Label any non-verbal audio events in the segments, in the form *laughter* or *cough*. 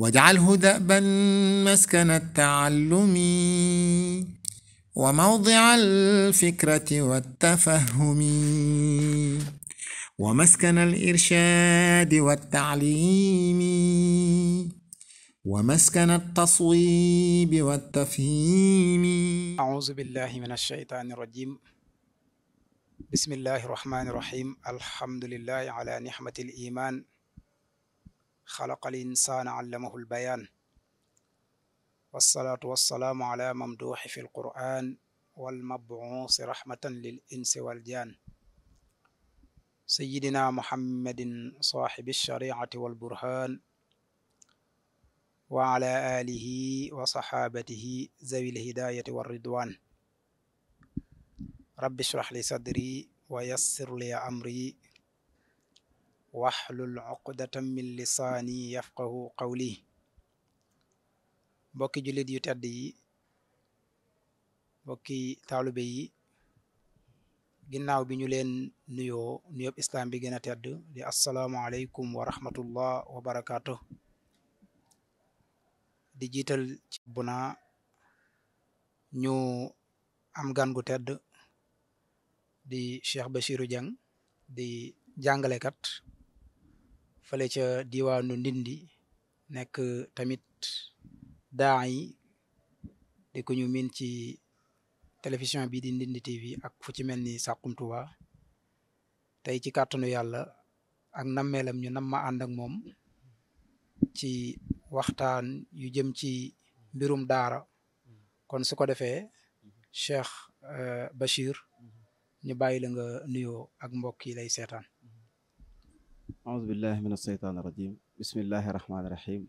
واجعله دأبا مسكن التعلم وموضع الفكرة والتفهم ومسكن الإرشاد والتعليم ومسكن التصويب والتفهيم أعوذ بالله من الشيطان الرجيم بسم الله الرحمن الرحيم الحمد لله على نعمة الإيمان xalaqal insaana allamahul bayaan wassalaatu wassalaamu ala mamduuxi fi lqur'aan walmabuusi raxmatan lil insi wal jaan sayidina muhammadin saaxibi shariicati walburhaan wa ala aalihi wa saxaabatihi zawil hidaayati warridwaan rabbi shrah li sadri wa yassir li amri waxlul uqdatam min lisaani yafqahu qawli mbokki jullit yu tedd yi mbokki taalube yi ginnaaw bi ñu leen nuyoo nuyo islaam bi gën a tedd di assalaamu aleykum wa wa barakaatu di jiital ci bu naa ñu am gan gu tedd di Cheikh Bassirou Dieng di jàngalekat fële ca diwaanu Ndindi nekk tamit daa yi di ñu miin ci télévision bii di Ndindi TV ak fu ci mel ni Saxum tey ci kàttanu yàlla ak nammeelam ñu nam ma ànd ak moom ci waxtaan yu jëm ci mbirum daara kon su ko defee Cheikh euh, Bachir ñu bàyyi la nga nuyoo ak mbokk yi lay seetaan aousubillahi min asheytaan irajim bismillahi irahmaaniirahim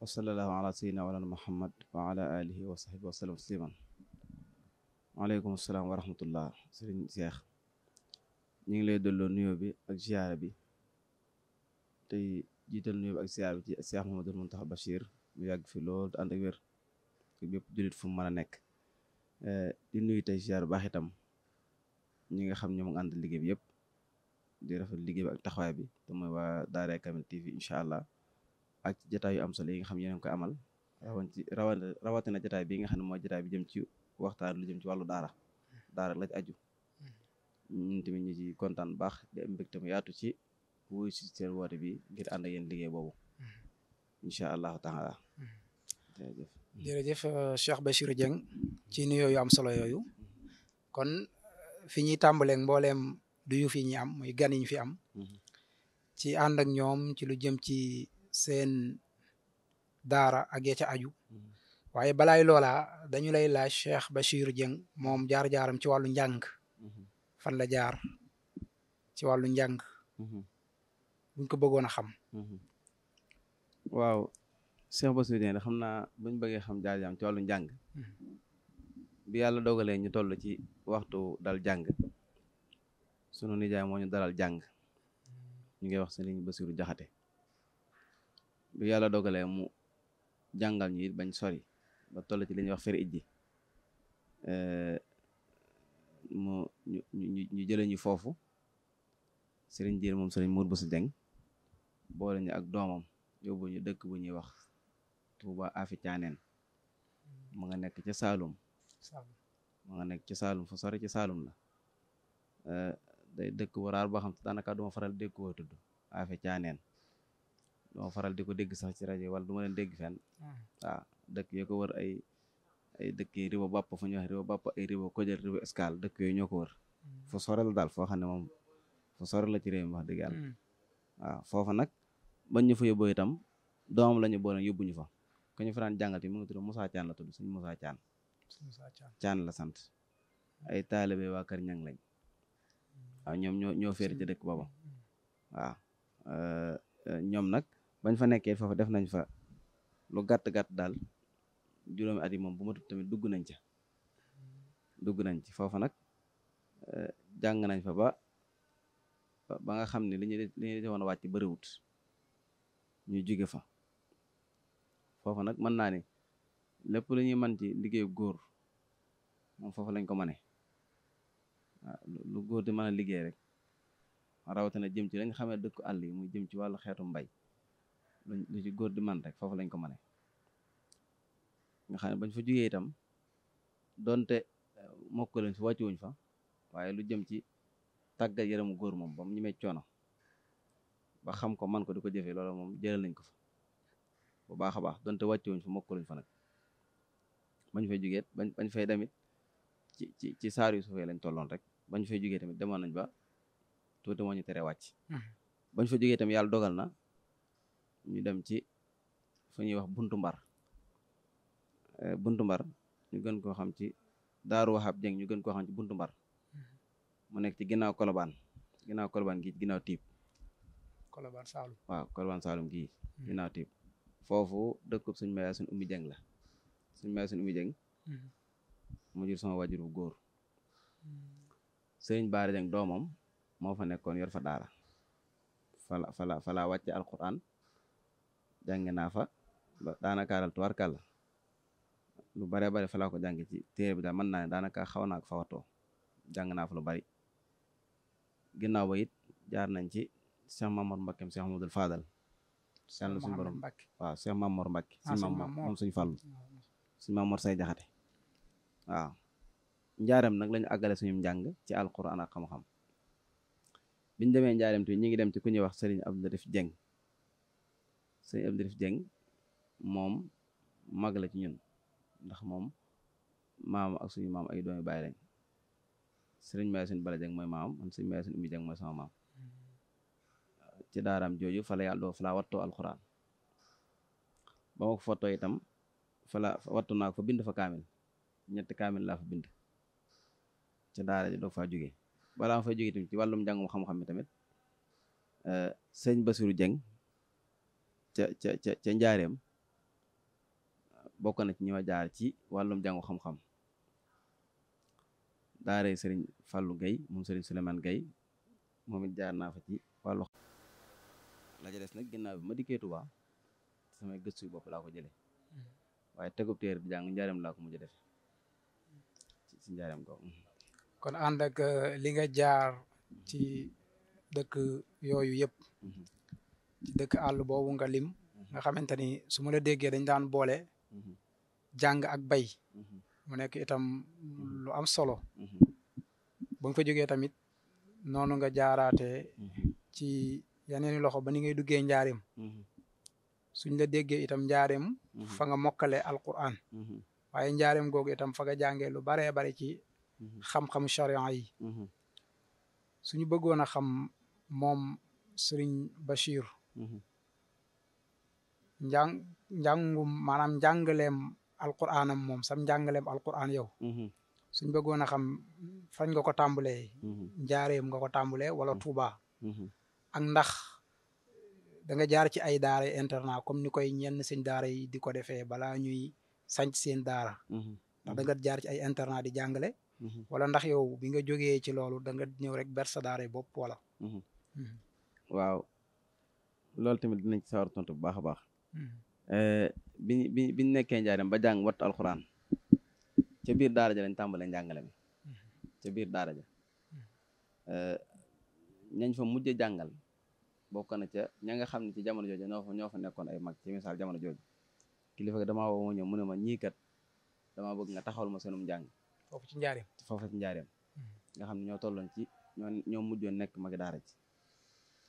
wasalallaahu ala seydina walana muhammad wa ala alihi wa sahbi wasalam tasliman waaleykum asalaam wa rahmatullah sëriñ Seex ñu ngi lay delloo nuyoo bi ak ziyaara bi tey jiital nuyo bi ak ziyaara bi ci Seex Muhammadul Muntaxa Bachir mu yàgg fi lool te ànd ak wér ak bépp jullit fu mu mën a nekk eh, di nuyu tey ziyaar baax itam ñi nga xam ñoom nga ànd liggéey bi yëpp di rafet liggéey bi ak taxawaay bi te mooy waa Daaray Kamil TV incha allah ak ci jataay yu am solo yi nga xam ne yéen koy amal rawan ci rawa rawatina jataay bi nga xam ne mooy jataay bi jëm ci waxtaan lu jëm ci wàllu daara daara la ci aju baax di am mbégte mu yaatu ci wuy si seen bi ngir ànd ak yéen liggéey boobu incha allahu taala jërëjëf jërëjëf euh, Cheikh Bachir Dieng ci nuyoo yu am solo yooyu kon fi ñuy tàmbaleeg mbooleem du yu fi ñi am muy gan yiñ fi am mhm. ci ànd ak ñoom ci lu jëm ci seen daara ak ya aju mhm. waaye balaay loola dañu lay laaj ba Bachir Dieng moom jaar-jaaram ci wàllu njàng mhm. fan la jaar ci wàllu njàng buñ ko bëggoon a xam waaw Cheikh Bachir xam naa buñ bëggee xam jaar-jaaram ci wàllu njàng bi yàlla dogalee ñu toll ci waxtu dal jàng sunu nijaay moo ñu dalal jàng ñu ngi wax Sëriñ Basiru Jaxate bi yàlla dogalee mu jàngal ñu bañ sori ba toll ci lañuy wax feri ijji eh, mu ñu ñu jëlee ñu foofu sëriñ Diir moom sëriñ Mour Boussa Dieng boole ñu ak doomam yóbbu ñu dëkk bu ñuy wax Touba Afi Caaneen mu nga nekk ci Saalum mu nga nekk ci Saalum fu sori ca Saalum la eh, day dëkk waraar boo xam te daanaka du faral dégg koo tudd Afe Caaneen du ma faral di ko dégg sax ci rajo wala du ma leen dégg fenn ah. waaw dëkk yoo ko wër ay ay dëkk yi riba bàpp fu ñuy wax riba bàpp ay riba kojal riba escale dëkk yooyu ñoo ko wër hmm. fu sore daal foo xam ne moom fu sore la ci réew mi wax dëgg yàlla hmm. waaw foofa nag ba ñu fa yóbboo itam doom la ñu boole yóbbu ñu fa ku ñu fa daan jàngal fi mu ngi tudd Moussa Thian la tudd suñu Moussa Thian Thian la sant ay taalibe waa kër ñang lañ waaw ñoom ñoo ñoo féere ci dëkk boobu waaw euh, euh, ñoom nag bañ fa nekkee foofu def nañ fa lu gàtt gàtt daal juróomi at yi moom bu ma tamit dugg nañ ca dugg nañ ci foofa nag euh, jàng nañ fa ba ba nga xam ne li ñu li ñu defoon wàcc bëriwut ñu jóge fa foofa nag mën naa ne lépp lu ñuy mën ci liggéeyu góor moom foofa lañ ko mënee lu góor di mën a liggéey rek rawatina jëm ci nga xamee dëkku àll yi muy jëm ci wàllu xeetu mbay lu ci góor di man rek foofu lañ ko mane nga xam bañ fa jugee itam donte eh, mokk lañ fi wàccuwuñ fa waaye lu jëm ci tàggat yaramu góor moom ba mu ñemee coono ba xam ko man ko di ko jëfee loolu moom jëlal nañ ko fa bu baax a baax donte wàccuwuñ fa mokk lañ fa nag bañ fay jugeet bañ bañ fay demit ci ci ci saar yu suufee lañ tolloon rek bañ fay jógee tamit demoon nañ ba tuuti moo ñu tere wàcc hmm. bañ fa jógee tamit yàlla dogal na ñu dem ci fu ñuy wax buntu mbar eh, buntu mbar ñu gën koo xam ci daaru waxaab jeng ñu gën koo xam ci buntu mbar hmm. mu nekk ci ginnaaw kolobaan ginnaaw kolobaan gi ginnaaw tiib kolobaan saalum gi hmm. ginnaaw tiib foofu dëkkub suñ maya suñ ummi jeng la suñ maya suñ ummi jeng mu jur wajuru góor sëriñ Baara Jeng doomam moo fa nekkoon yor fa daara fala fala fala wàcce alquran jànge naa fa ba daanakaaral tuwarkàlla lu bare bare falaa ko jànge ci téere bi daal mën naa ne daanaka xaw naa ko fa watoo jàng naa fa lu bari ginnaaw ba it jaar nañ ci Cheikh Mamour Mbackeem Cheikh Mamadou Fadal yàlla suñu borom waaw Cheikh Mamour Mbacke ah, suñu moom say jaxate waaw njaareem nag lañu àggale suñu njàng ci alquran ak xam-xam biñ demee njaareem tu ñi ngi dem ci ku ñuy wax sëriñ Abdou Latif Dieng sëriñ Abdou moom mag la ci ñun ndax moom maam ak suñu maam ay doomi bàyyi lañ sëriñ Mayasin Bala Dieng mooy maam man sëriñ Mayasin Umi Dieng mooy sama maam ci daaraam jooju fa la yàlla doo fa laa wattoo alquran ba ma ko fottoo itam fa la wattu naa fa bind fa kaamil ñetti kaamil laa fa bind ca daara ji doog faa jógee balaa fa fay jógee tamit ci wàllum njàngum xam-xam mi tamit euh, sëñ Basiru Jeng ca ca ca ca njaareem bokk na ci ñi jaar ci wàllum njàngu xam-xam daara sëriñ Fallou Guèye moom sëriñ Souleymane Guèye moom it jaar naa fa ci wàllu la des nag ginnaaw bi ma dikkee Tuubaa samay gëstu bopp laa ko jële hmm. waaye tegub téere bi jàng njaareem laa ko mujj def kon ànd ak euh, li nga jaar ci dëkk yooyu yëpp mhm. ci dëkk àll boobu nga lim mhm. nga xamante ni su ma la déggee dañ daan boole mhm. jàng ak bay mu nekk itam lu am solo ba nga fa jógee tamit noonu nga jaaraatee ci yeneen i loxo ba ni ngay duggee njaarim suñ la déggee itam njaarim fa nga mokkale alquran waaye njaarim googu itam fa nga jàngee lu baree bari ci Mhm. xam-xam charian yi mhm. suñu bëggoon a xam moom sëriñ Bachir mhm. njàng njàngum maanaam njàngaleem alquraanam moom sam njàngaleem alquraan yow suñ bëggoon a xam fañ nga ko tàmbalee njaareem nga ko tàmbalee wala Touba ak ndax danga jaar ci ay daara internat comme ni koy ñenn seen daara yi di ko defee balaa ñuy sanc seen daara ndax jaar ci ay internat di jàngale Mm-hmm. wala ndax yow bi nga jógee ci loolu da nga ñëw rek ber sa daara bopp wala. Mm-hmm. Mm-hmm. waaw loolu tamit dinañ ci sawar tontu bu baax a baax. Eh, bi bi biñ nekkee njaareem ba jàng wat alxuraan ca biir daara ja lañ tàmbalee njàngale mi ca biir daara ja eh, ñañ fa mujj jàngal bokk ca ña nga xam ne ci jamono jooju ñoo fa ñoo fa nekkoon ay mag ci misaal jamono jooju kilifa dama woo ma ñëw mu a ma ñii dama bëgg nga taxawal ma seenum njàng foofu ci njaareem foofu ci njaareem hmm. nga xam ne ñoo tolloon ci ñoo ñoo mujjoon nekk magi daara ci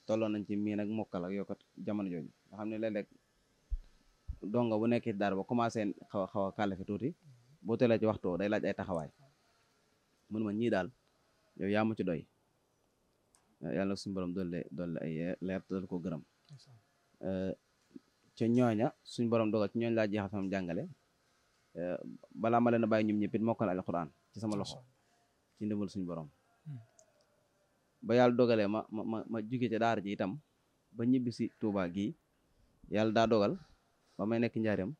tolloon nañ ci miin ak mokkal ak yokkat jamono jooju nga xam ne léeg-léeg donga bu nekkee daar ba commencé xaw a xaw a kàllafe tuuti hmm. boo teelee ci waxtu day laaj ay taxawaay mënu ma ñii daal yow yaa ma ci doy yàlla suñu borom doole doole ay leer doole ko gërëm eh, ca ñooña suñu borom dogal ci ñooñ laa jeexal sama jàngale Eh, balaa ma leen a bàyyi ñoom ñëpp it mokkal alquran ci sama loxo ci ndimbal suñu borom hmm. ba yàlla dogalee ma ma ma ma jóge ca daara ji itam ba ñibbisi si gi gii yàlla daa dogal ba may nekk njaareem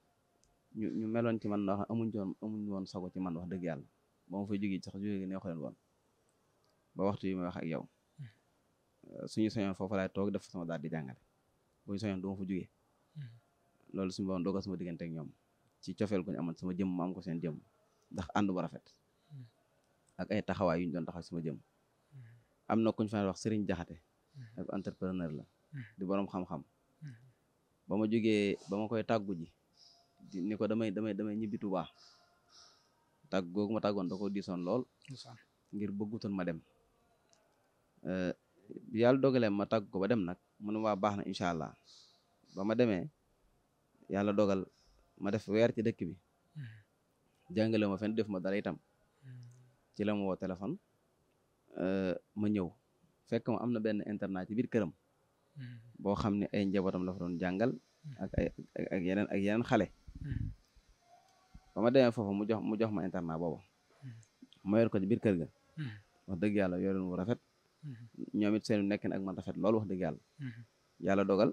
ñu ñu meloon ci man ndax amuñ ci woon amuñ woon sago ci man wax dëgg yàlla ba ma fay jóge sax jóge gi neexu leen woon ba waxtu yi may wax ak yow hmm. suñu soñoon foofu laay toog def sama daal di jàngale buñu soñoon du fa jóge hmm. loolu suñu borom dogal sama diggante ak ñoom ci cofeel gu ñu amoon sama jëm ma am ko seen jëm ndax ànd bu rafet mm. ak ay taxawaay yu ñu doon taxaw sama jëm mm. am na kuñ fa wax Serigne Jaxate mm. ab la di borom xam ba ma jógee ba ma koy tàggu ko damay damay damay ñibbi Tuubaa tàgg googu ma tàggoon da ko diisoon lool ngir bëggutoon ma dem eh, yàlla dogalee ma tag ko ba dem nag mu ne waa baax na incha allah ba ma demee yàlla dogal ma def weer ci dëkk bi hmm. jàngale ma fenn def ma dara itam hmm. ci la ma woo téléphone euh, ma ñëw fekk ma am na benn internat ci biir këram hmm. boo xam ne ay njabootam la doon jàngal ak yeneen ak yeneen xale ba ma demee mu jox mu jox ma internat boobu ko ci biir kër ga wax dëgg yàlla yoroon wu rafet ñoom it seen nekkin ak man rafet loolu wax dëgg yàlla yàlla dogal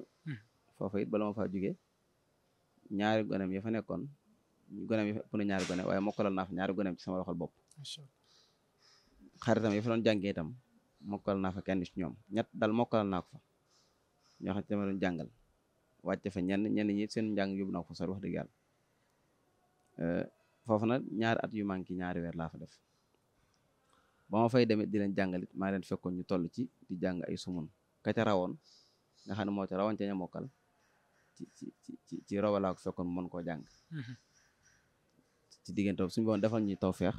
foofa it bala ma faa jógee ñaari goneem ya fa nekkoon goneem ya fa ñaari gone waaye mokkalal naa ñaari goneem ci sama loxol bopp xaritam ya fa doon jàngee itam mokkal naa fa kenn ci ñoom ñett dal mokkalal naa fa ñoo xam ne dama jàngal wàcce ñenn ñenn seen njàng yóbbu na ko fa sori wax dëgg yàlla eh, nag ñaari at yu manqué ñaari weer laa fa def ba ma fay demit di leen jàngalit maa leen fekkoon ñu toll ci di jàng ay sumun ka ca rawoon nga xam ne moo ca rawoon ca ña ci ci ci ci robalaak mën koo jàng mm-hmm. ci diggante suñu boon defal ñuy tawfeex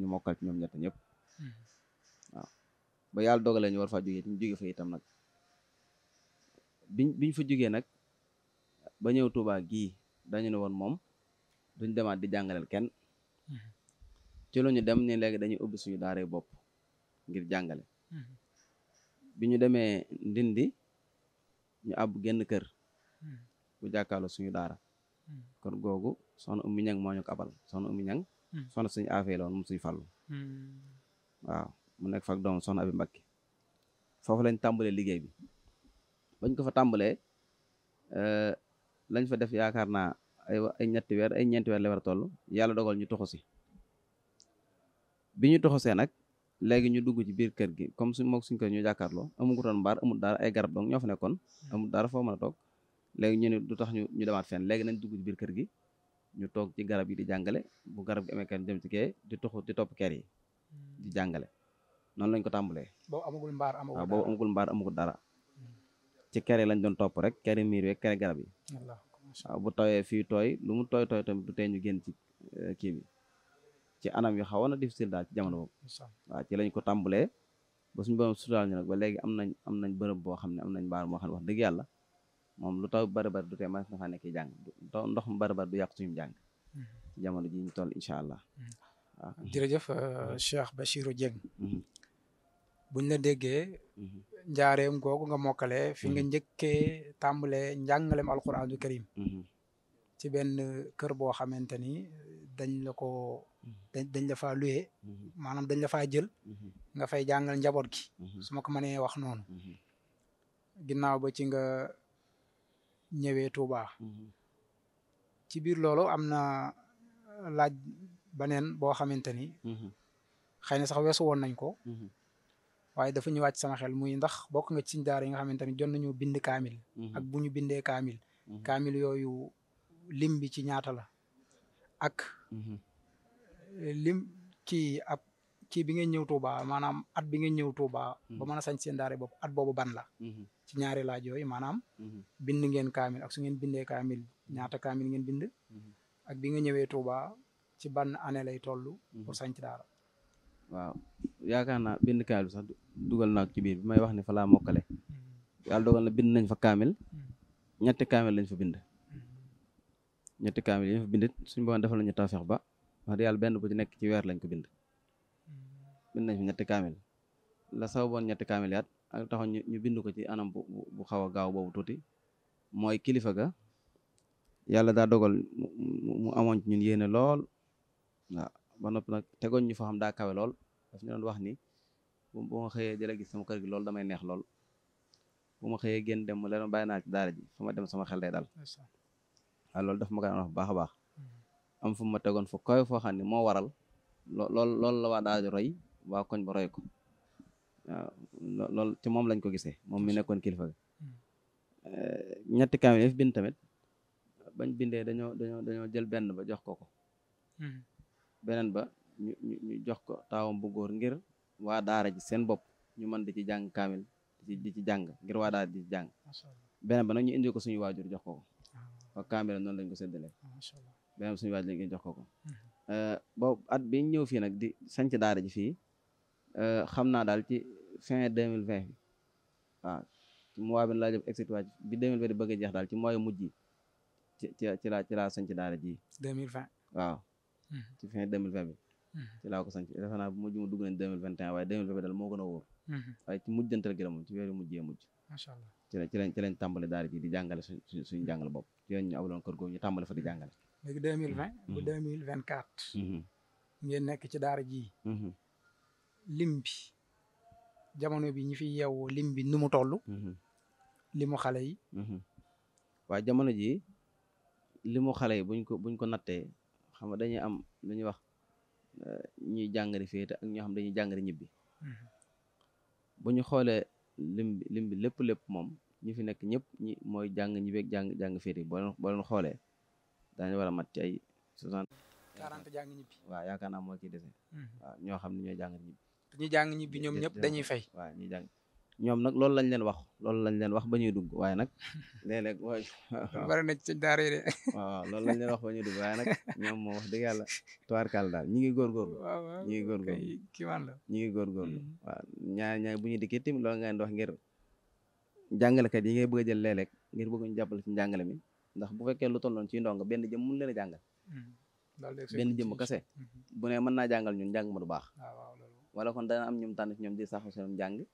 ñu mokkal ci ñoom ñett ñëpp mm-hmm. waaw ba yàlla dogalee ñu war faa jógee ñu jóge fa itam nag biñ biñ jógee nag ba ñëw Tuubaa gii dañu ne woon moom duñ demaat di jàngaleel kenn mm-hmm. ci lu ñu dem ni léegi dañuy ubbi suñu daaree bopp ngir jàngale bi ñu demee ndindi ñu àbb genn kër ku jàkkaarloo suñu daara hmm. kon googu soxna ummi ñang moo ñu ko abal soxna ummi ñang hmm. a suñu aafee la woon moom suñu fàllu waaw mu nekk fak doom soxna abi mbakki foofu lañ tàmbalee liggéey bi bañ ko fa tàmbalee eh, lañ fa def yaakaar na ay ay ñetti weer ay ñeenti weer la war a toll yàlla dogal ñu toxu si bi ñu toxosee nag léegi ñu dugg ci biir kër gi comme suñ moog suñ kër ñu jàkkaarloo amugutoon mbaar amul ay garab donc ñoo fa nekkoon hmm. amul daara foo mën a toog léegi ñu ne du tax ñu ñu demaat fenn léegi nañ dugg ci biir kër gi ñu toog ci garab yi di jàngale bu garab gi amee kenn dem ci di toxu di topp kër yi hmm. di jàngale noonu lañ ko tàmbalee. boobu amagul mbaar amagul dara waaw boobu amagul dara hmm. ci kër yi lañ doon topp rek kër miir yeeg kër garab yi. bu tawee fii tooy lu mu tooy tooy tamit du tee ñu génn ci euh, kii bi ci anam yu xawoon na difficile daal ci jamono boobu. waaw ci lañ ko tàmbalee ba suñu borom suturaal ñu nag ba léegi am nañ am nañ bërëb boo xam ne am nañ mbaar moo xam ne wax dëgg yàlla moom lu ta bari bari du tee mas na faa nekk jàng ndox mu bari bari du yàq suñu jàng mm-hmm. jamono ji ñu toll incha allah waaw mm-hmm. ah. jërëjëf euh, mm-hmm. Cheikh Bachirou Dieng buñ la déggee njaareem googu nga mokkale fi nga njëkkee tàmbalee njàngalem alquranul karim ci benn kër boo xamante ni dañ la ko dañ la faa luye maanaam dañ la fa jël nga fay jàngal njaboot gi su ma ko wax noonu ginnaaw ba ci nga ñëwee Touba. Mm-hmm. ci biir loolu am na uh, laaj beneen boo xamante ni. Mm-hmm. xëy na sax weesu woon nañ ko. Mm-hmm. waaye dafa ñu wàcc sama xel muy ndax bokk nga ci siñ daara yi nga xamante ni jot nañu bind kaamil. ak bu ñu bindee kaamil. kaamil yooyu lim bi ci ñaata la. ak. lim kii ab kii bi ngeen ñëw Touba maanaam at bi ngeen ñëw Touba. ba mën a sañ seen daara bopp at boobu ban la. ci ñaari laaj yooyu maanaam mhm. bind ngeen kaamil ak su ngeen bindee kaamil ñaata kaamil ngeen bind mhm. ak bi nga ñëwee Touba ci ban ane lay toll mhm. pour sanc daara waaw yaakaar naa bind kaamil sax dugal naa ci biir bi wax ne fa laa mokkale na bind nañ fa kaamil ñetti kaamil lañ fa bind ñetti kaamil yi ñu fa bindit suñu ba wax dëgg yàlla nekk ci weer lañ ko bind bind nañ la sababoon ñetti kaamil yaat ak taxoon ñu bind ko ci anam bu bu xaw a gaaw boobu tuuti mooy kilifa ga yàlla daa dogal mu amoon ci ñun yéene lool waaw ba noppi nag tegoon ñu foo xam daa kawe lool daf wax ni bu ma xëyee jële gis sama kër damay neex lool bu ma xëyee génn dem mu leen bàyyi naa ci daara ji fa ma dem sama xel day dal waaw loolu daf ma gën a wax bu baax a baax mm-hmm. am fu ma tegoon fu kawe foo xam ne moo waral lool lool la waa daara ji roy waa koñ ba roy loolu ci moom lañ ko gisee moom mi nekkoon kilifa ga hmm. eh, ñetti kaamil yi fi bind tamit bañ bindee dañoo dañoo dañoo jël benn ba jox ko ko hmm. beneen ba ñu jox ko taawam bu góor ngir waa daara ji seen bopp ñu mën di ci jàng kaamil di ci jàng ngir waa daara di ci jàng beneen ba na ñu indi ko suñu waajur jox ko ko ah. waa kaamil noonu lañ ko séddalee ah, beneen ba suñu waajur lañ jox ko ko hmm. eh, boobu at bi ñëw fii nag di sanc daara ji fii Euh, xam naa daal ci fin 2020 waaw mois bi laa jëm exit waa di bëgg a jeex daal ci mois yu mujj yi ci ci ci laa ci laa sañ ci daara ji. 2020 waaw. Hmm. ci fin 2020 bi. Hmm. ci laa ko sañ ci defe naa bu mujj mu dugg nañ 2021 waaye 2020 daal moo gën a wóor. Hmm. waaye ci mujjantal gi la moom ci weeru mujjee mujj. macha allah ci lañ ci lañ ci lañ tàmbali daara ji di jàngale suñ suñu jàngal bopp ci lañ ñu tàmbali fa di jàngale. léegi 2020. bu 2024. ngeen nekk ci daara ji. lim bi jamono bi ñu fi yeewoo lim bi nu mu toll. Mhm. limu xale yi. Mhm. waaw jamono ji limu xale yi buñ ko buñ ko nattee xam nga dañuy am lu ñuy wax eh, ñuy jàngari féete ak ñoo xam dañuy jàngari ñibbi. Mhm. bu ñu xoolee lim bi bi lépp lépp moom ñu fi nekk ñëpp ñi mooy jàng ñibbeeg jàng jàng féete boo leen xoolee daañu war a mat ci ay soixante. jàng ñibbi. waaw yaakaar naa moo ciy dese. ñoo xam ne ñooy jàngari ñibbi. ñi jàng ñibbi ñoom ñëpp dañuy fay waaw ñi jàng ñoom nag loolu lañ leen wax loolu lañ leen wax ba ñuy dugg waaye nag *laughs* léeg-léeg waaw *laughs* bari na ci *laughs* loolu lañ leen wax ba ñuy dugg ñoom moo wax dëgg yàlla tubaarkaal daal ñi ngi góorgóorlu ñi ngi góorgóorlu ñi ngi góorgóorlu waaw ñaar ñaar bu ñu dikkee tamit loolu nga leen wax ngir jàngalekat yi ngay bëgg jël léeg-léeg ngir bëgg ñu njàngale mi ndax bu fekkee lu tolloon ci ndongo benn jëm mun leen a jàngal mm-hmm. benn jëm kase mm-hmm. bu ne mën jàngal ñun njàng ma du baax wala kon dana am ñum tànn ci ñoom di saxu seenum njàng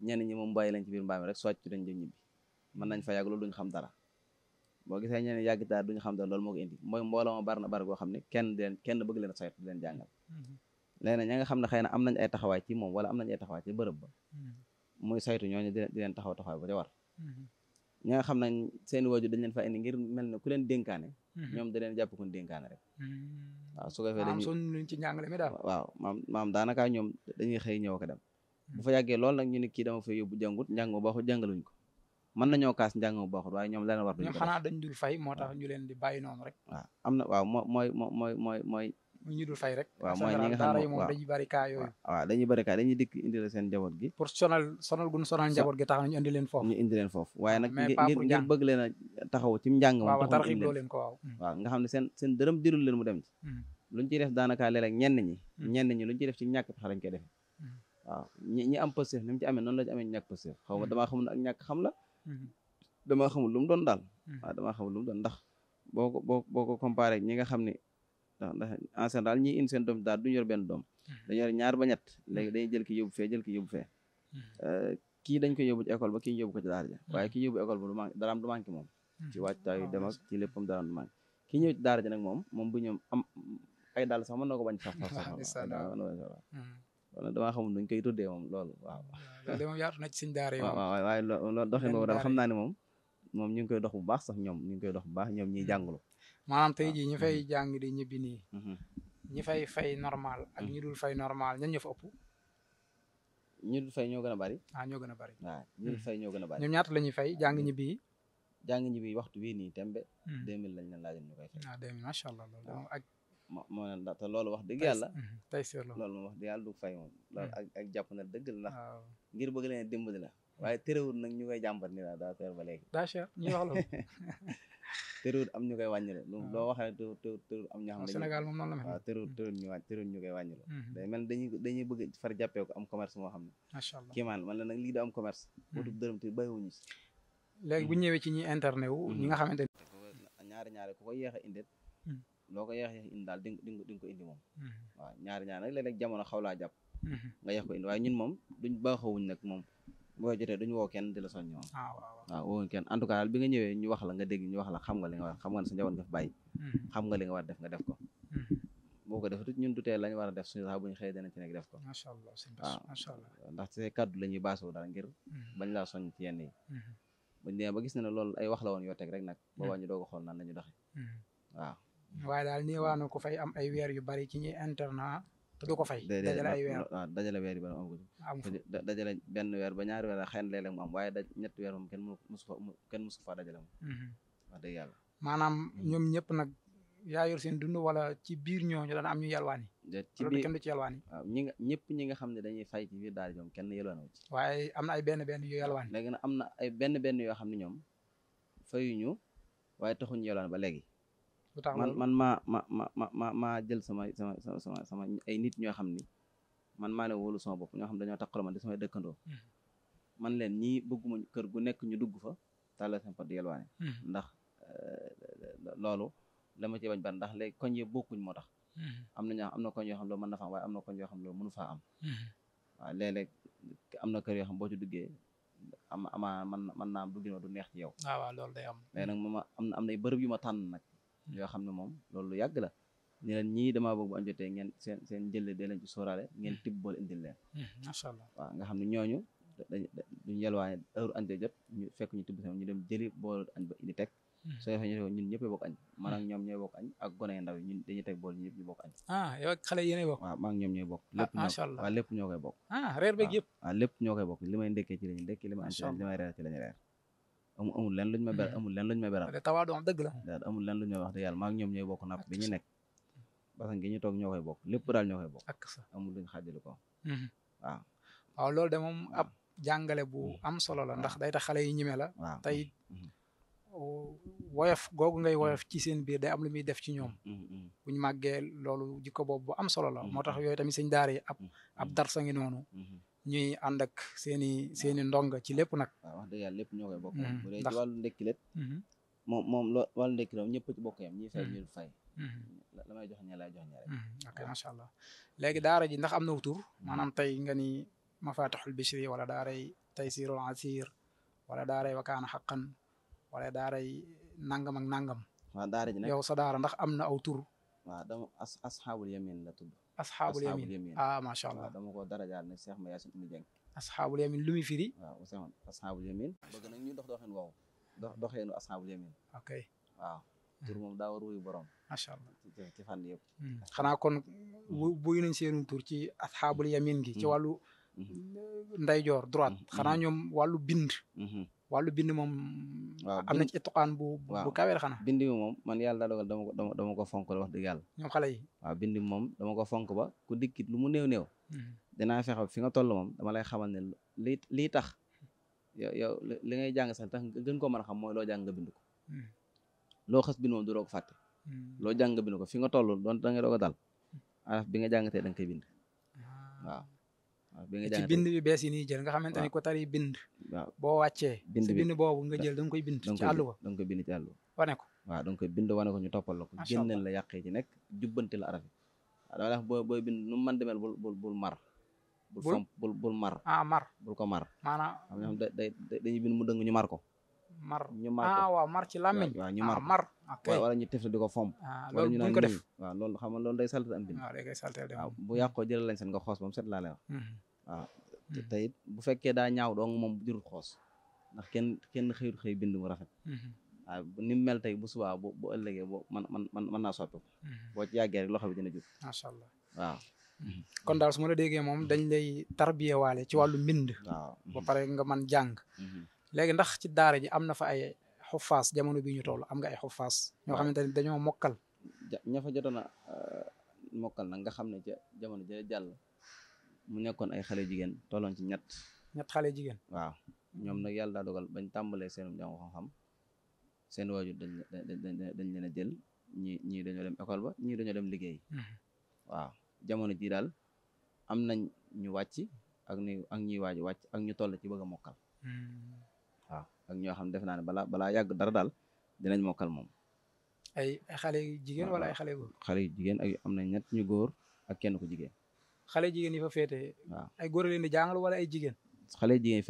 ñenn ñi moom bàyyi lañ ci biir mbaam mi rek socc dañ ñibbi mën nañ fa yàgg loolu duñ xam dara boo gisee ñeneen yàgg dara duñ xam dara loolu moo ko indi mooy mbooloo ma bar na bar goo xam ne kenn di kenn bëgg leen saytu di leen jàngal mhm. léegi nag xam ne xëy na am nañ ay taxawaay ci moom wala am nañ ay taxawaay ci bërëb ba mhm. muy saytu ñooñu di leen taxaw taxawaay ba ca war mhm. ñi xam nañ seen waajur dañ leen fa indi ngir mel ku leen dénkaane mhm. ñoom da leen jàpp ku leen dénkaane rek hmm. waaw su ko defee dañuy sonn luñ ci njàngale mi daal waaw maam maam daanaka ñoom dañuy xëy ñëw ko dem hmm. bu fa yàggee lool nag ñu ne kii dama fa yóbbu jàngut njàng mu baaxul jàngaluñ ko mën nañoo kaas njàng mu baaxul waaye ñoom leen war duñ ko xanaa dañ dul fay moo tax ñu leen di bàyyi noonu rek waaw am na waaw moo mooy moo mooy mooy mooy ñi dul fay rek. waaw mooy ñi nga xam ne moom dañuy bari kaa yooyu. waaw dañuy bari kaa dañuy dikk indi la seen njaboot gi. pour sonal sonal gu ñu sonal njaboot gi tax na ñu indi leen foofu. ñu indi leen foofu waaye nag. Ah, ngir ngir bëgg leen a taxaw ci njàng. waaw tarxib loo leen ko mm. waaw. nga xam ne seen dërëm dirul mu dem ci. Mm. luñ ciy def daanaka léeg-léeg ñi. Mm. ñenn ñi luñ ciy def ci ñàkk tax lañ koy def ñi am pëstéef ni ci amee noonu la ci amee ñàkk doon daal waaw damaa xamul doon ndax boo ko boo boo ko xam ne ndax en général ñi indi seen doom daal benn doom hmm. ñaar ba ñett léegi dañuy jël ki yóbbu fee jël ki yóbbu fee hmm. euh, kii dañ ko yóbbu ci école ba kii yóbbu ko ci daara ja hmm. waaye kii yóbbu école ba du manqué daraam du manqué moom ci wàccaayu ah, dem ak ci léppam daraam du manqué kii ñëw ci daara ja nag moom moom bu ñëw ay dàll sax mën na ko bañ sax sax *laughs* wala damaa xamul nuñ koy tuddee moom loolu waaw loolu moom yaatu koy dox bu baax sax ñoom ñu ngi koy maanaam tey ah, jii ñi mhm. fay jàng di nii. Mhm. ñi fay fay normal ak mhm. ñi dul fay normal ñan ñoo fa ëpp. ñi dul fay ñoo gën a bari. ah ñoo gën a a ñoom ñaata la ñuy fay ah, jàng ñibbi yi. jàng ñibbi yi waxtu bii nii tembe. 2000 lañ leen laajoon ñu koy fay. Ah, wax dëgg yàlla. tey si loolu moom yàlla du fay moom. loolu ak ak na dëgg la ndax. ngir bëgg na dimbali la. waaye terewul nag ñu koy jàmbat ni daal daa seer ba léegi. *laughs* terewul am ñu koy wàññile ah. loo wax rek terewul terewul am ñoo ah, xam ne Sénégal moom noonu la mel waaw terewul mm-hmm. terewul ñu wàññ terewul ñu koy wàññilo mm-hmm. day mel dañuy dañuy bëgg far jàppee ko am commerce moo xam ne macha allah kiimaan da am commerce mm-hmm. utub dërëm te bàyyiwuñu si léegi bu ñëwee ci ñi internet wu ñi nga xamante ne ñaari ñaari ku ko yeex a indit loo ko yeex a indi daal di ko indi moom waaw ñaari ñaari nag jamono xaw laa nga yeex ko indi waaye ñun moom duñ baaxawuñ nag moom boo jotee duñu woo kenn di la soññoo ah, waaw woo kenn en tout cas daal bi nga ñëwee ñu wax la nga dégg ñu wax la xam nga li nga war xam nga ne sa hmm. def nga def ko hmm. boo ko defee ñun du tee lañ a def suñu sax bu allah ndax ci kàddu la ñuy daal ngir hmm. bañ laa soññ ci yenn ba gis ne loolu ay wax la woon yoo teg rek nag boobaa ñu doog a xool naan la ñu doxee waaw waaye daal nii waa na ko fay am ay weer yu bari ci ñi internat te du ko fay. dajale ay weer ah, weer ba ñaar ko dajale benn weer ba a xëy na léeg-léeg mu am waaye da weer moom kenn mësu fa kenn mësu faa dajale moom mhm. maanaam mhm. ñoom ñëpp nag yaa yor seen dund wala ci biir ñooñu dana am ñu yalwaani ci biir kenn du ci yalwaani waaw ñi nga ñëpp ñi nga xam ne dañuy fay ci biir daal ñoom kenn yalwaanawu ci waaye am na ay benn benn yu yalwaani léegi am na ay benn benn yoo xam ne ñoom fayuñu waaye taxuñu yalwaan ba léegi man man ma ma ma ma maa jël sama sama sama sama ay nit ñoo xam ni man maa leen wóolu sama bopp ñoo xam dañoo taqaloo man di samay dëkkandoo hmm. man leen ñii bëgguma kër gu nekk ñu dugg fa tàllal seen pot di yelwaane hmm. ndax eh, loolu la ma ci bañ ban ndax léegi koñ yi bokkuñ moo tax hmm. am na ñoo am na koñ yoo xam loolu mën na fa am waaye am na koñ yoo xam loolu mënu faa am waaw na kër yoo xam boo ci duggee am amaa man naa am duggin du yow ah, waaw waaw ma am na am nay bërëb yu ma tànn nag yoo xam ne moom loolu lu yàgg la ne leen ñii damaa bëgg bu añ jotee ngeen seen seen jëlle dee leen ci sóoraale ngeen hmm. tibb bool indil leen hmm, nga xam ne ñooñu ñu fekk ñu tibb seen ñu dem jëli bool añ ba indi teg hmm. so defee ñu ñun ñëpp añ man ak ñoom ñooy bokk añ ak gone ndaw yi ñun dañuy bool ñu ñëpp ñu bokk añ ah yow ak xale yéenay bokk waaw maa ngi ñoom ñooy bokk ah, lépp ñoo koy bokk ah reer beeg yëpp waaw lépp ñoo koy bokk li may ndekkee ci lañu ndekki li may añ reer ci lañu reer amul amul lenn luñ ma ber hmm. amul leen luñ ma beral tawaadu am dëgg la amul lenn luñ ma wax de yàlla maa ngi ñoom ñooy bokk napp bi ñu nekk basan gi ñu toog ñoo bokk lépp daal ñoo koy bokk ak sa amul luñ xaajali ko hmm. waaw waaw loolu de moom ab jàngale bu hmm. am solo la ndax day ta xale yi ñime la tey woyof googu ngay woyof ci seen biir day am lu muy def ci ñoom bu ñu màggee loolu jikko boobu bu am solo la moo tax yooyu tamit sëñ daara yi ab ab darsa ngi noonu ñuy ànd ak seen i seen ndong ci lépp nag. waaw wax dëgg yàlla lépp ñoo koy bokk. Mm-hmm. bu dee ci wàllu mm-hmm. moom moom loo wàllu ñëpp ci bokk yam ñi fay mm-hmm. ñu fay. la may jox ña lay jox ña allah léegi daara ji ndax am na wutur maanaam tey nga ni mafatixul bishri wala daaray taysirul asir wala daaray wakaana xaqan wala daaray nangam nangam. waaw daara ji yow sa daara ndax am na aw tur. waaw dama as asxaabul yamin la tudd. asxaabul yamin a macha allah dama ko darajaal nag Cheikh Mayasin Oumy Dieng asxaabul yamin lu muy firi waaw asxaabul yamin bëgg dox doxeen woowu doxeenu asxaabul yamin ok waaw tur moom daa war wuyu borom macha allah ci fànn yëpp buy nañ seenu tur ci asxaabul yamin gi ci wàllu ndeyjoor droite xanaa ñoom wàllu bind wàllu bind moom. waaw am na ci ittuqaan bu bu kawee xanaa. bind bi moom man yàlla daa dogal dama ko dama ko fonk bi moom dama ko fonk ba ku dikkit lu mu néew-néew. Hmm. dinaa fexe fi nga toll moom dama lay xamal ne li lii tax yow yow li ngay jàng sax tax gën koo mën a xam mooy loo jàng nga bind ko. Hmm. loo xas bind moom du loo ko fàtte. Hmm. loo jàng nga bind ko fi nga toll doon da nga doog a dal araf bi nga jàngatee da nga koy bind ah. waaw. ci bind bi bees yi nii jël nga xamante ne ko tari bind boo wàccee bind si bind boobu nga jël da nga koy bind ci àll ba da nga koy bind wane ko waaw da nga koy bind wane ko ñu toppal la ko la yàqee ci nekk jubbanti la araf yi waaw dama def booy booy bind nu mu demel bul bul bul mar bul fomp bul bul mar a ah, mar bul ko mar maanaam xam nga day dañuy bind mu dëng ñu mar ko mar ñu mar ah waaw mar ci làmmiñ a ñu mar ah, mar wala ñu tef di ko a ah, wala ñu naan ko a waaw loolu xam nga loolu day saltal ah, bu yàqoo jëlal lañ seen nga xoos moom set laa lay wax hmm. waaw te it hmm. bu fekkee daa ñaaw dong moom jurul xoos ndax kenn kenn xëyut xëy bind mu rafet hmm. waaw ni mu mel tey bu subaa bu bu ëllëgee bu man man man mën naa soppi boo bi dina jóg macha allah kon daal su ma la moom dañ lay tarbiye ci wàllu mbind ba pare nga man jàng léegi ndax ci daar ji am na fa ay xufaas jamono bi ñu toll am nga ay xufaas ñoo xamante ne dañoo mokkal ña fa jotoon a euh, mokkal nag nga xam ne ca jamono ja jàll mu nekkoon ay xale jigéen tolloon ci ñett ñett xale jigéen waaw ñoom nag yàlla daa dogal bañ tàmbalee seenum jàng xam seen waajur dañ dañ leen a jël ñi ñii dañoo dem école ba ñii dañoo dem liggéey mhm. jamono jii daal am nañ ñu wàcc ak ñu ak ñuy waaju wàcc ak ñu toll ci bëgg a ak ñoo xam ne defe naa ne balaa balaa yàgg dara daal dinañ mokkal moom. ay ay xale yu jigéen ay xale yu góor. xale na ñett ñu góor ak kenn ku jigéen. xale jigéen yi fa féete. waaw ay góor a di jàngal wala ay jigéen. xale jigéen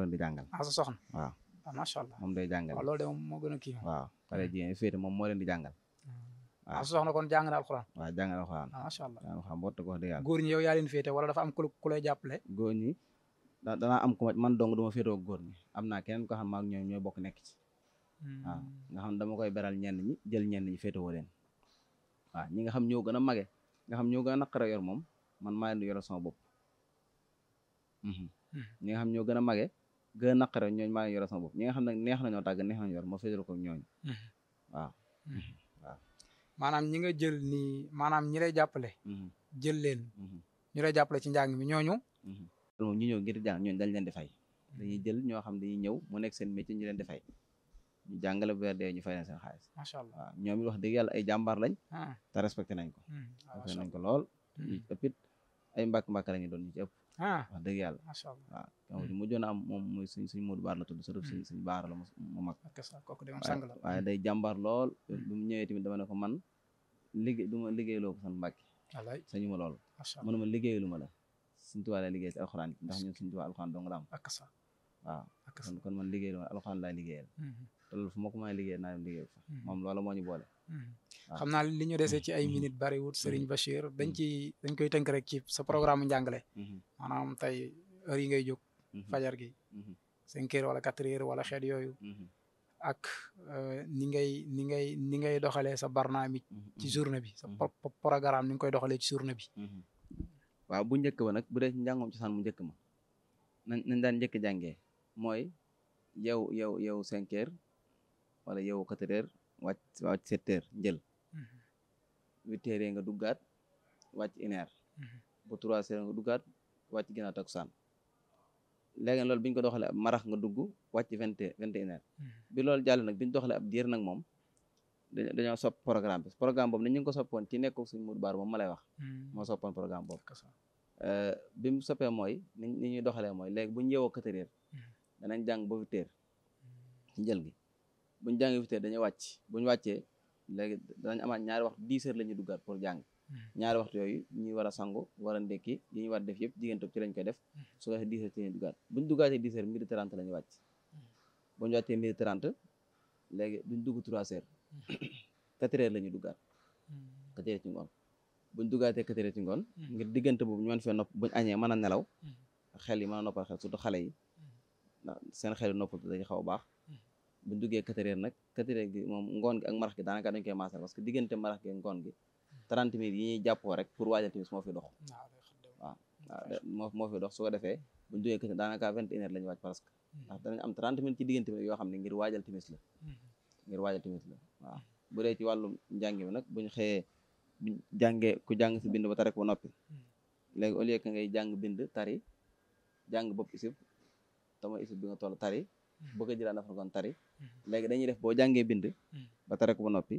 leen di jàngal. ah sa soxna waaw. ah macha allah moom day jàngal. waaw loolu de moom moo gën a kii. waaw xale jigéen yi féete moom moo leen di jàngal. Ah. waaw ah sa soxna kon jàng na alxuraan. waaw jàng na alxuraan. ah ñi yow yaa leen féete wala am ku ku lay jàppale. danaa am ko man dong du ma féetoo góor am naa keneen ko xam maak ñoom ñooy bokk nekk hmm. nga xam dama koy beral ñenn ñi jël ñenn ñi féetewoo leen waaw ñi nga xam ñoo gën a mage nga xam ñoo gën a yor moom man maa leen di yore sama bopp hmm. Hmm. ñi nga xam ñoo gën a mage gën a naqara ñooñu maa leen yore sama ñi nga xam nag neex nañoo tàgg neex nañu yor ma féetewoo ko ñooñu waaw ñi nga jël ni maanaam ñi lay jàppale jël leen ñu lay jàppale ci njàng mi ñooñu moom ñu ñëw ngir jàng ñooñu dañ leen di fay dañuy jël ñoo xam dañuy ñëw mu nekk seen métier ñu leen di fay ñu jàngale bu weer dee ñu fay leen seen xaalis macha allah waaw ñoom it wax dëgg yàlla ay jàmbaar lañ te respecté nañ ko hmm. ah, respecté nañ ko lool ñu hmm. ëpp it ay mbàkk-mbàkk lañu doon ñu ci ëpp wax dëgg yàlla waaw kaw hmm. a moom muy suñ la tudd la mu mag waaye day jàmbaar lool bu mu ñëwee tamit dama ne ko man liggéey du la suñu tubaab lay liggéeyal ci alxuraan ndax ñun suñu tubaab alxuraan dong la a ak sa waaw kon kon man liggéeyal man alxuraan laa liggéeyal te loolu fu ma ko may liggéeyal naa dem liggéeyal fa mm-hmm. moom loola moo ñu boole mm-hmm. xam naa li ñu desee ci ay mm-hmm. minutes bariwut Serigne Bachir dañ ci dañ koy tënk rek ci sa programme njàngale maanaam tey heure yi ngay fajar gi cinq wala quatre wala xeet yooyu ak euh, ni ngay ni sa barnaami ci journée bi sa programme ni nga koy doxalee ci journée bi waaw bu njëkk ba nag bu dee njàngoom cosaan mu njëkk ma nañ daan njëkk jàngee mooy yow yow yow cinq wala yow quatre heures wàcc wàcc njël mm-hmm. huit heures nga duggaat wàcc une heure mm-hmm. bu trois nga duggaat wàcc ginnaaw takusaan léegi loolu bi ñu ko doxalee ab marax nga dugg wàcc vingt mm-hmm. bi loolu jàll nag bi ñu ab diir nag moom dañoo sopp programme bi programme boobu nag ñu ngi ko soppoon ci nekk suñ Mour Baar moom ma lay wax. Hmm. moo soppoon programme boobu. Euh, bi mu soppee mooy ni ñuy doxalee mooy léegi bu ñu yeewoo quatre heures hmm. danañ jàng ba huit heures hmm. ci njël gi bu ñu jàngee dañuy wàcc bu ñu wàccee léegi danañ amaat ñaari waxtu dix heures la ñuy duggaat pour jàng. ñaari waxtu yooyu ñuy war a sangu war a ndekki yi ñuy war def yëpp jigéen toog ci lañ koy def su ko defee dix heures ci lañuy duggaat bu ñu duggaatee dix heures midi trente la ñuy wàcc bu léegi duñ dugg trois quatre heures la ñuy duggaat hmm. quatre heures ci ngoon buñ duggaatee quatre heures ci ngoon hmm. ngir diggante boobu ñu mën fee nopp buñ añee mën a nelaw hmm. xel yi mën a noppal xel surtout xale yi seen xel yi noppal dañuy a baax buñ duggee quatre heures nag quatre heures gi moom ngoon gi ak marax gi daanaka dañ koy maasal parce que diggante marax gi ak ngoon gi trente minutes yi ñuy jàppoo rek pour waajal timis moo fi dox waaw waaw defee buñ duggee quatre daanaka vingt et une heures la ñu wàcc presque am trente minutes ci diggante yoo xam ne ngir waajal timis ngir waajal tamit la waaw bu dee ci wàllum njàng mi nag buñ xëyee buñ ku jàng si bind ba tare ko noppi hmm. léegi au lieu que ngay jàng bind tari bi nga toll tari hmm. bëgg a jëlaat nafar kon tari hmm. léegi dañuy def boo jàngee bind ba tare ko ba noppi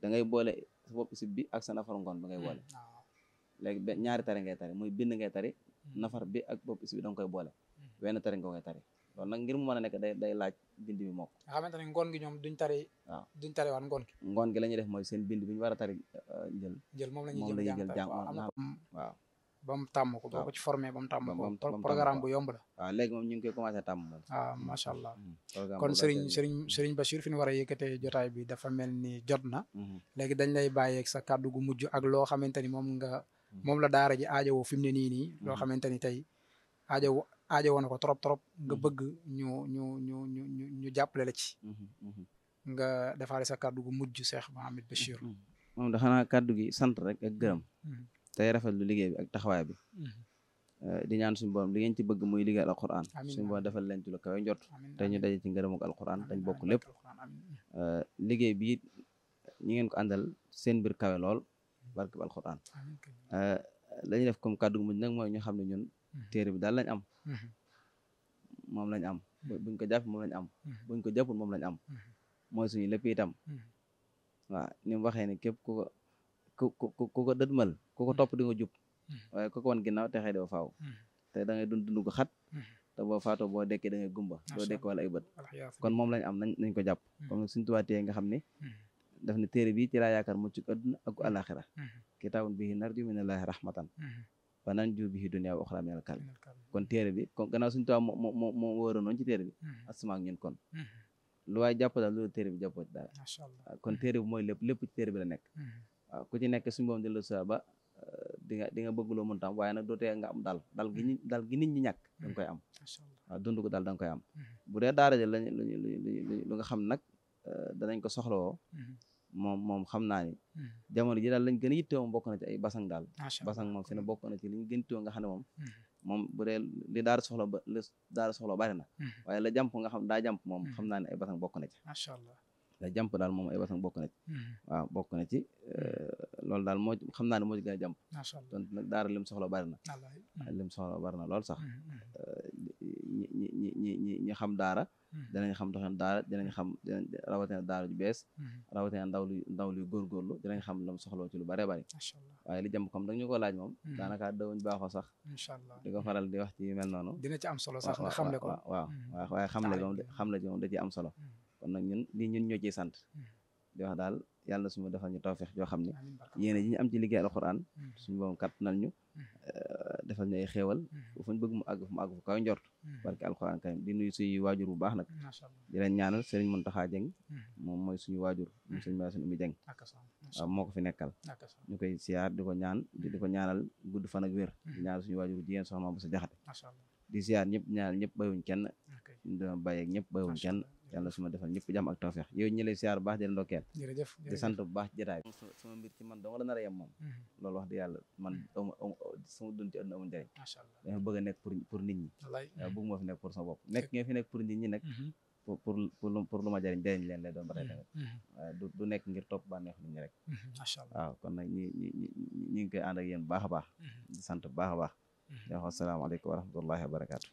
da ngay boole sa bopp isib bi ak sa nafar ngoon ba ngay boole ah. léegi ñaari tari ngay tari muy bind ngay tari nafar bi ak bopp isib bi koy boole wenn tari nga koy tari loolu nag ngir mu mën a nekk day day laaj bind bi mokk nga xamante ne ngoon gi ñoom duñ tari waaw duñ tari waat ngoon gi ngoon gi la ñuy def mooy seen bind bi ñu war a tari njël euh, njël moom la ñuy jël jàng waaw ba mu tàmm ko boo ko ci formé ba mu tàmm ko programme bu yomb la waaw léegi moom ñu ngi koy commencé tàmm moom waaw ah, macha allah hmm. kon Serigne Serigne ba Bachir fi ñu war a yëkkatee jotaay bi dafa mel ni jot na hmm. léegi dañ lay bàyyeeg sa kàddu gu mujj ak loo xamante ni moom nga hmm. moom la daara ji aajowo fi mu ne nii nii loo xamante ni tey aajowo aajo woon ko trop trop nga mm-hmm. bëgg ñu ñu ñu ñu ñu ñu jàppale la ci. Mm-hmm. Mm-hmm. nga defaale sa kàddu gu mujj Cheikh Mouhamed Bachir. moom da xanaa kàddu gi sant rek ak gërëm. tey rafetlu liggéey bi ak taxawaay bi. Eh, di ñaan suñu borom li ngeen ci bëgg muy liggéeyal alquran suñu borom defal leen ci lu kawe njot te ñu daje ci ngërëm ak alquran dañ bokk lépp eh, liggéey bi ñi ngeen ko àndal seen mbir kawe lool barke bi alquran la ñuy def comme kàddu gi mujj nag mooy ñu xam ne ñun téere bi daal lañ am Mm-hmm. moom lañ am mm-hmm. buñ ko jàpp moom lañ am mm-hmm. buñ ko jàppul moom lañ am mooy suñu lépp itam waaw ni mu ne képp ku ko ku ku ku ko dëdmal ko topp di nga jub waaye ku ko wan ginnaaw te xëy doo faaw te da ngay dund dund ko xat te boo faatoo boo dekkee da ngay gumba doo dekk wala ay bët kon moom lañ am nañ ko jàpp kon suñ tuwaatee nga xam ne daf ne téere bi ci laa yaakaar mucc adduna ak alaxira kitaabun bihi narju minallahi rahmatan wa nanju bihi dunya wa ukhra min al kalb kon téere bi kon gannaaw suñu tubaab moo moo moo moo wóoroon noonu ci téere bi hmm. a ak ñun kon hmm. lu waaye jàpp daal loolu téere bi jàppoo ci daal ah, kon téere bi mooy lépp lépp ci téere bi la nekk hmm. ah, ku ci nekk suñu boom di la ba ah, di nga di nga waaye nag dootee nga am dal dal gi ñu dal gi da nga koy am waaw daal da nga koy am bu dee daara ja lañ luñu luñu lu nga xam nag danañ ko soxlawoo moom moom xam naa ni hmm. jamono ji daal lañ gën a yittewoo bokk na ci ay basang daal basang moom fi ne bokk na ci li ñu nga xam ne moom hmm. ba na hmm. waaye la jàmp nga xam daa jàmp moom xam naa ne ay basang bokk na ci macha allah la jàmp daal moom ay basang bokk na ci waaw bokk na ci eh, loolu daal moo xam naa ne moo ci gën a jàmp macha allah donc nag daara lim soxla bari na lim soxla lool sax eh, ñi ñi ñi ñi ñi xam daara hmm. dinañ xam doxin daara dinañ xam dinañ rawatina daara ju bees hmm. rawatina ndaw luy ndaw luy góorgóorlu dinañ xam lam soxloo ci lu bare bari waaye li jëm comme da ñu ko laaj moom hmm. daanaka dawuñ sax inshallah di ko faral di wax ci yu mel noonu am solo sax nga xamle ko waaw waaw waaye xamle moom xamle ji moom da ci am solo kon nag ñun lii ñun ñoo ciy sant di wax daal yàlla na suñu defal ñu tawfeex joo xam ne yéene ji ñu am ci liggéey alquran suñu boom kat nal ñu Euh, defal ñu ay xéewal mhm. fu ñu bëgg mu àgg fu mu àgg fu kaw njort mhm. barke alxuraan karim di nuyu suñu waajur bu baax nag di leen ñaanal sëriñ Muntaxa Jeng mhm. moom mooy suñu waajur moom sëriñ Mbay suñu Umi Jeng waaw moo ko fi nekkal ñu koy siyaar di ko ñaan di ko ñaanal gudd fan ak wér di suñu waajur jigéen soxna bu sa di siyaar ñëpp ñaanal ñëpp bayuñ kenn ñu doon bàyyeeg ñëpp bayuñ kenn yàlla suma defal ñëpp jàmm ak tawfeex yow ñu lay siyaar bu baax di la ndokkeel di sant bu baax jataay bi sama mbir ci man dong la nar a yem moom mhm. loolu wax di yàlla man mhm. sama dund ci àdduna amul njëriñ dama bëgg a nekk pour pour nit ñi waaw bëgg moo fi nekk pour sama bopp nekk nga fi nekk pour nit ñi nag mhm. pour lu ma jariñ jariñ leen doon ba tey tamit du du nekk ngir topp bànneex nit ñi rek waaw kon nag ñi ñi ñi ngi koy ànd ak baax a baax di sant baax a baax di wax asalaamaaleykum wa rahmatullahi wa barakatu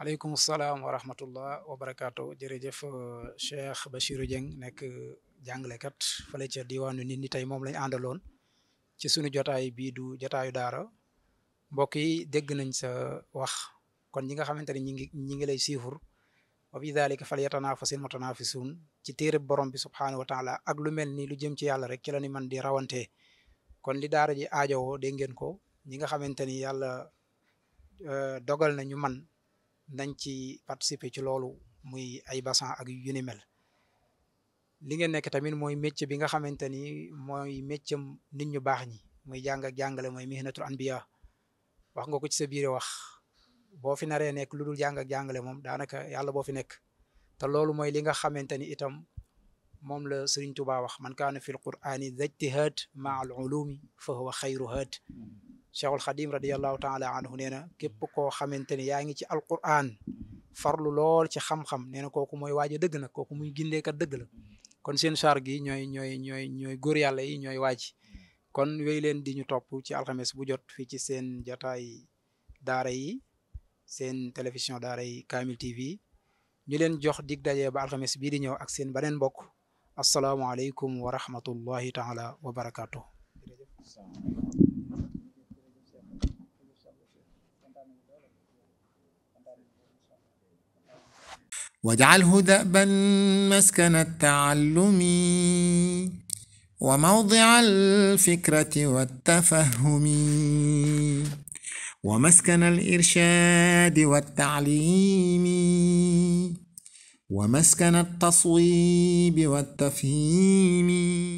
aleykum salaam wa rahmatullah wa barakaatu jërëjëf euh, Cheikh Bachirou Dieng nekk jàngalekat fële ca diwaanu nit ni tey moom lañ àndaloon ci sunu jotaay bii du jotaayu daara mbokk yi dégg nañ sa wax kon ñi nga xamante ne ñi ngi ñi ngi lay siifur fa fi dalika fal yatanaafasil mutanaafisuun ci téere borom bi subhaanahu wa taala ak lu mel ni lu jëm ci yàlla rek ci la ni man di rawante kon li daara ji aajowoo dégg ngeen ko ñi nga xamante ni yàlla euh, dogal na ñu man nañ ci participer ci loolu muy ay bassin ak yu li ngeen nekk tamit mooy métier bi nga xamante ni mooy métier nit ñu baax ñi muy jàng jàngale mooy mihnatul anbiya wax nga ko ci sa biir wax boo fi naree nekk lu dul jàng jàngale moom daanaka yàlla boo fi nekk te loolu mooy li nga xamante ni itam moom la Sëriñ Tuubaa wax man kaana fi qur'ani dajtihaad ma al ulumi fa huwa xayru cheikhul xadim radiallahu taala anhu nee na képp koo xamante ne yaa ngi ci alquran farlu lool ci xam-xam nee na kooku mooy waaj a dëgg nag kooku muy gindeekat dëgg la kon seen char gi ñooy ñooy ñooy ñooy góor yàlla yi ñooy waaj kon wéy leen di ñu topp ci alxames bu jot fii ci seen jataay daara yi seen télévision daara yi Kamil TV ñu leen jox dig daje ba alxames bii di ñëw ak seen beneen mbokk asalaamaaleykum wa rahmatullahi taala wa barakaatu. واجعله دأبا مسكن التعلم وموضع الفكرة والتفهم ومسكن الإرشاد والتعليم ومسكن التصويب والتفهيم